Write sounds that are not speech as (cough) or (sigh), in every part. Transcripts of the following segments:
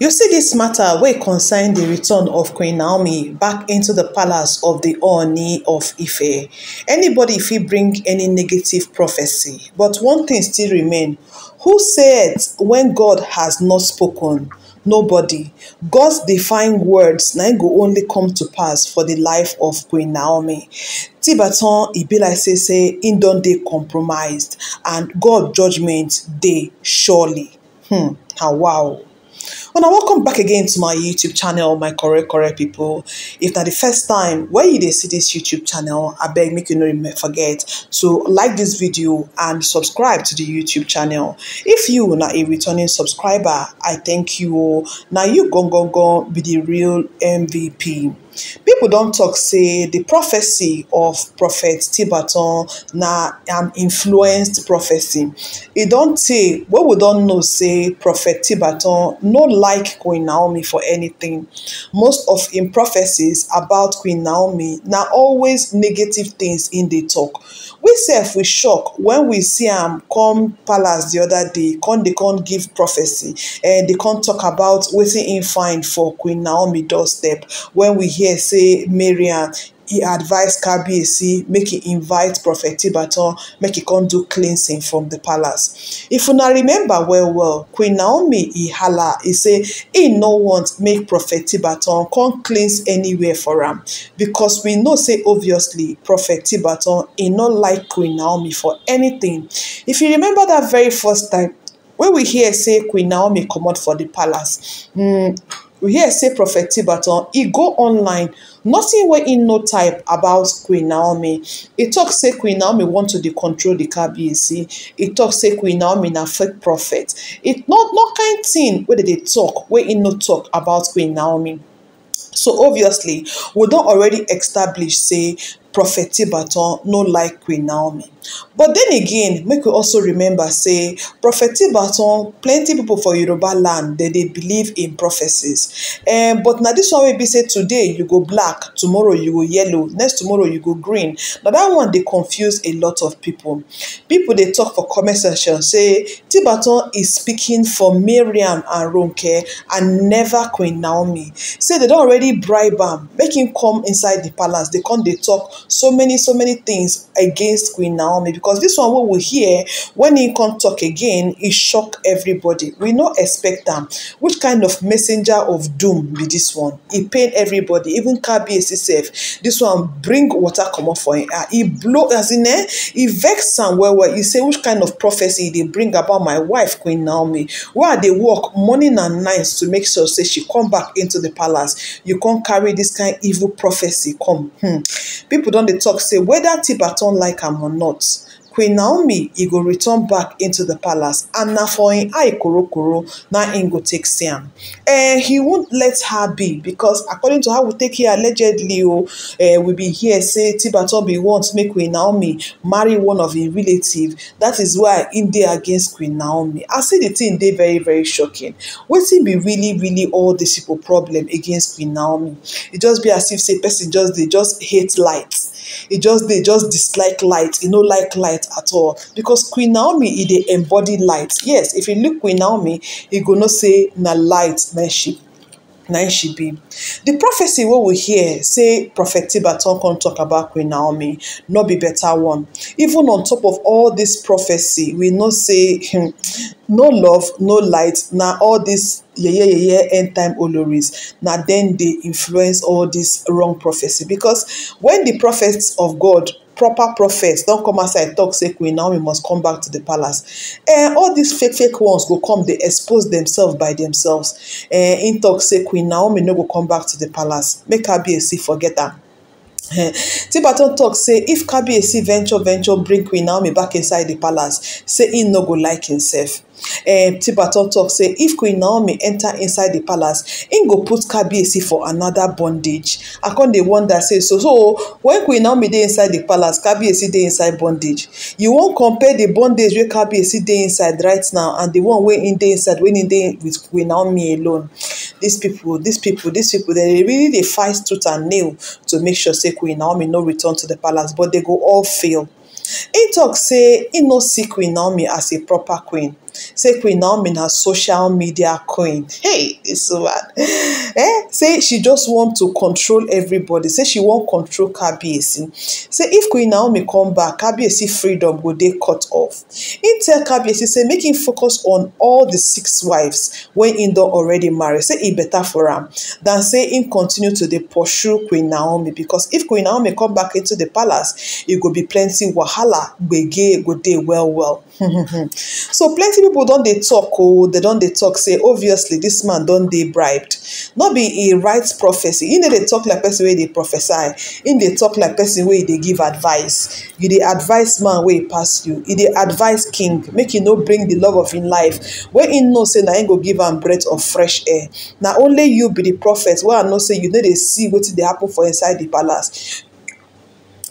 You see dis mata wey concern the return of Queen Naomi back into the palace of the Ooni of Ife. Anybody if he bring any negative prophecy, but one thing still remain. Who said when God has not spoken? Nobody. God's divine words now go only come to pass for the life of Queen Naomi. Tibetan, e be like say say im don they compromised and God judgment day surely. Hmm, wow. Well now, welcome back again to my YouTube channel, my correct correct people. If that the first time where you dey see this YouTube channel, I beg make you no forget to like this video and subscribe to the YouTube channel. If you not a returning subscriber, I thank you. Now you gone gone gone be the real MVP. don't talk. say the prophecy of prophet tibaton na an um, influenced prophecy It don't say what we don't know say prophet tibaton no like queen naomi for anything. most of in prophecies about queen naomi na always negative things in the talk. we sef we shock when we see am come palace the other day come can come give prophecy and eh, can come talk about waiting in find for queen naomi doorstep When we hear say say marian he advised kabiyesi make he invite prophet tibaton make he come do cleansing from the palace if now remember well well queen naomi he hala he say he no want make prophet tibaton come cleanse anywhere for him because we know say obviously prophet tibaton he no like queen naomi for anything if you remember that very first time when we hear say queen naomi out for the palace hmm. we hear say prophet tibaton e go online nothing wey im no type about queen naomi e tok say queen naomi want to dey control the kbc e tok say queen naomi na fake prophet e no no kind thing. wey dem dey tok wey im no talk about queen naomi so obviously we don already establish say prophet tibaton no like queen naomi but then again make we also remember say prophet tibaton plenty people for yoruba land dem they believe in prophecies eh, but now this one will be say today you go black tomorrow you go yellow next tomorrow you go green na that one they confuse a lot of people. People they talk for comment section say tibaton is speaking for Miriam and ronke and never queen naomi say they don't already bribe him, make him come inside the palace They come They talk. so many so many things against queen naomi because this one what we hear when he come talk again he shock everybody we not expect them. which kind of messenger of doom be this one He pain everybody even kbac sef This one bring water comot for him ah, he blow as in eh He vex somewhere well well say which kind of prophecy they bring about my wife queen naomi Where they work morning and night to make sure say she come back into the palace you can't carry this kind evil prophecy come hmm people don't talk say whether tip like him or not queen naomi e go return back into the palace and na for im eye korokoro na im go take see am and eh, he won't let her be because according to how we take hear allegedly o oh, eh, we bin hear say tibatombi want make queen naomi marry one of im relative That is why im dey against queen naomi I say di tin dey very very shocking wetin be really really all dis pipo problem against queen naomi e just be as if say person just dey just hate light e just dey just dislike light e no like light at all because queen naomi is the embodied light yes if you look queen naomi you gonna say na light na she na she be The prophecy what we hear say prophet tibaton come about queen naomi not be better one even on top of all this prophecy we not say hmm, no love no light Now all this yeah yeah yeah yeah end time oloris Now then they influence all this wrong prophecy because when the prophets of god proper prophets don come outside talk say queen naomi must come back to the palace eh all these fake fake ones go come dey expose themselves by themselves eh im tok say queen naomi no go come back to the palace make her be a see forget am (laughs) tibaton talk say if kabiyesi venture venture bring queen naomi back inside the palace say he no go like himself eh, tibaton talk say if queen naomi enter inside the palace he go put kabiyesi for another bondage i con dey wonder say so so when queen naomi dey inside the palace kabiyesi dey inside bondage you won't compare the bondage wey kabiyesi dey inside right now and the one wey in dey inside wen in dey with queen naomi alone These people, these people, these people—they really they fight tooth and nail to make sure say queen naomi no return to the palace but they go all fail e tok say he no see queen naomi as a proper queen say queen naomi na social media queen hey so bad. eh say she just want to control everybody say she want control kabiyesi say if queen naomi come back kabiyesi freedom go dey cut off im tell kabiyesi say make focus on all the six wives when in don already marry say it better for him than say im continue to the pursue queen naomi because if queen naomi come back into the palace it go be plenty wahala gbege go dey well well (laughs) so plenty plenty people don't they talk oh they don't they talk say obviously this man don't they bribed Not be e write prophecy You know they talk like person wey they e prophesy In they talk like person wey they e give advice you the advice man wey e pass you You the advice king make you no bring the love of in life wey in no say na ain't go give am breath of fresh air Now only you be the prophet wey i know say you know they see what they happen for inside the palace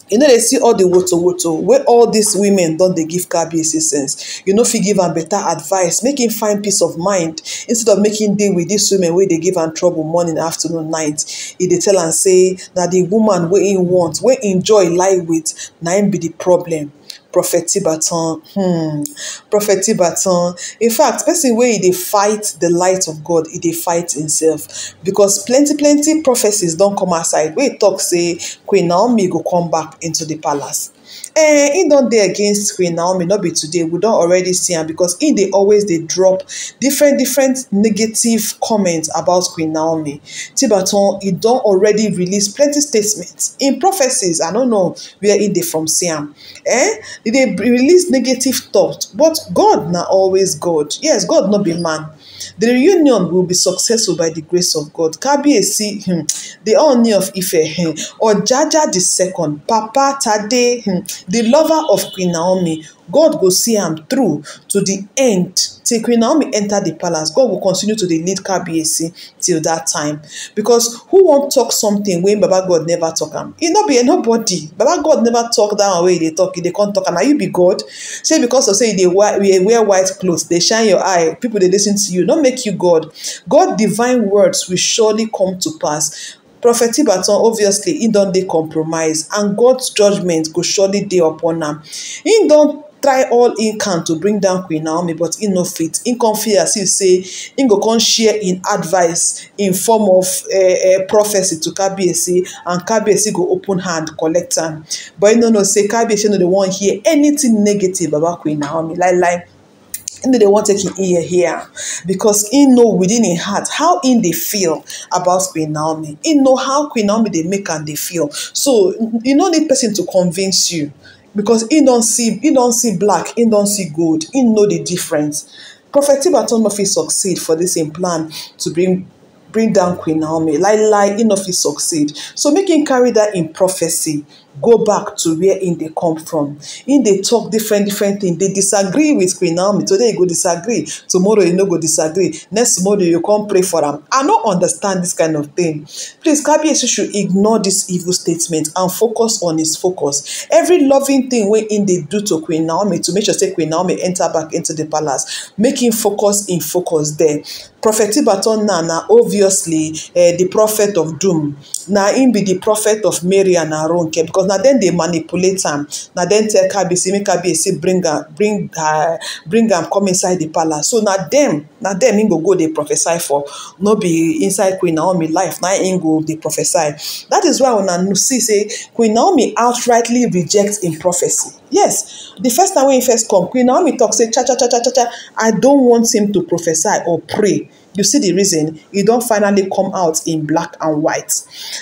you no dey see all the woto woto wey all these women don dey give kabiyesi sense you no fit give am beta advice make him find peace of mind instead of making deal with these women wey dey give am trouble morning afternoon night e dey tell am say na the woman wey him want wey him joy lie with na him be the problem prophet baton. hmm prophet tibetan in fact person wey e fight the light of god He dey fight himself because plenty plenty prophecies don't come aside. We talk say queen naomi go come back into the palace eh e don dey against queen naomi no be today we don already see am because e dey always dey drop different different negative comments about queen naomi tibaton e don already release plenty statements im prophecies i no know where e dey from see am eh e dey release negative thoughts but god na always god yes god no be man The reunion will be successful by the grace of God. Kabiyesi, hmm, the only of Ife, hmm, the second, Papa Tade, hmm, the lover of Queen Naomi, God will see him through to the end till Queen Naomi enter the palace. God will continue to lead Kabiyesi till that time. Because who won't talk something when Baba God never talk him? It not be nobody. Baba God never talk that way. They talk. they can't talk And Na you be God? Say because of say they wear wear white clothes, they shine your eye, people they listen to you. not make you God. God divine words will surely come to pass. prophet tibaton obviously he don't dey compromise and god's judgment go surely dey upon him. he don't try all he can to bring down queen naomi but he no fit in come as if say he go come share in advice in form of uh, uh, prophecy to kabiyesi and kabiyesi go open hand collect am but he no know say kabiyesi no dey wan hear anything negative about queen naomi like like him they want take him ear hear because he know within his heart how in they feel about queen naomi he know how queen naomi they make and they feel so you don't need person to convince you because he don't see he don't see black he don't see gold he know the difference prophet tibetan no fit succeed for this implant to bring bring down queen naomi lie lie he no fit succeed so make him carry dat im prophecy go back to where in they come from in they talk different different thing They disagree with queen naomi today you go disagree tomorrow you no go disagree next morning you come pray for them. i no understand this kind of thing please kabiyesi should ignore this evil statement and focus on his focus every loving thing wey in they do to queen naomi to make sure say queen naomi enter back into the palace making focus in focus there prophet tibaton Nana obviously eh, the prophet of doom na him be the prophet of mary and aronke because. na dem dey manipulate am na dem tell kabiyesi make kabiyesi bring am bring her uh, bring am come inside the palace so na dem na dem im go go dey prophesy for no be inside queen naomi life na im go dey prophesy that is why una see say queen naomi outrightly reject im prophecy yes the first time when he first come queen naomi talk say cha cha cha cha cha cha. i don want him to prophesy or pray you see the reason he don finally come out in black and white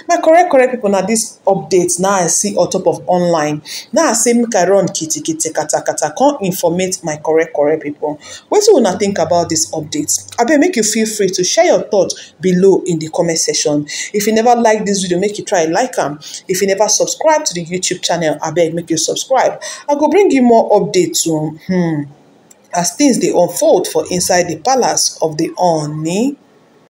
my correct correct people na this update na i see on top of online na i say make i run kitikiti kata kata come informate my correct correct pipo wetin una think about this update abeg make you feel free to share your thoughts below in the comment section if you never like this video make you try like am if you never subscribe to the youtube channel abeg make you subscribe i go bring you more updates o um hmm, as things dey unfold for inside the palace of the ooni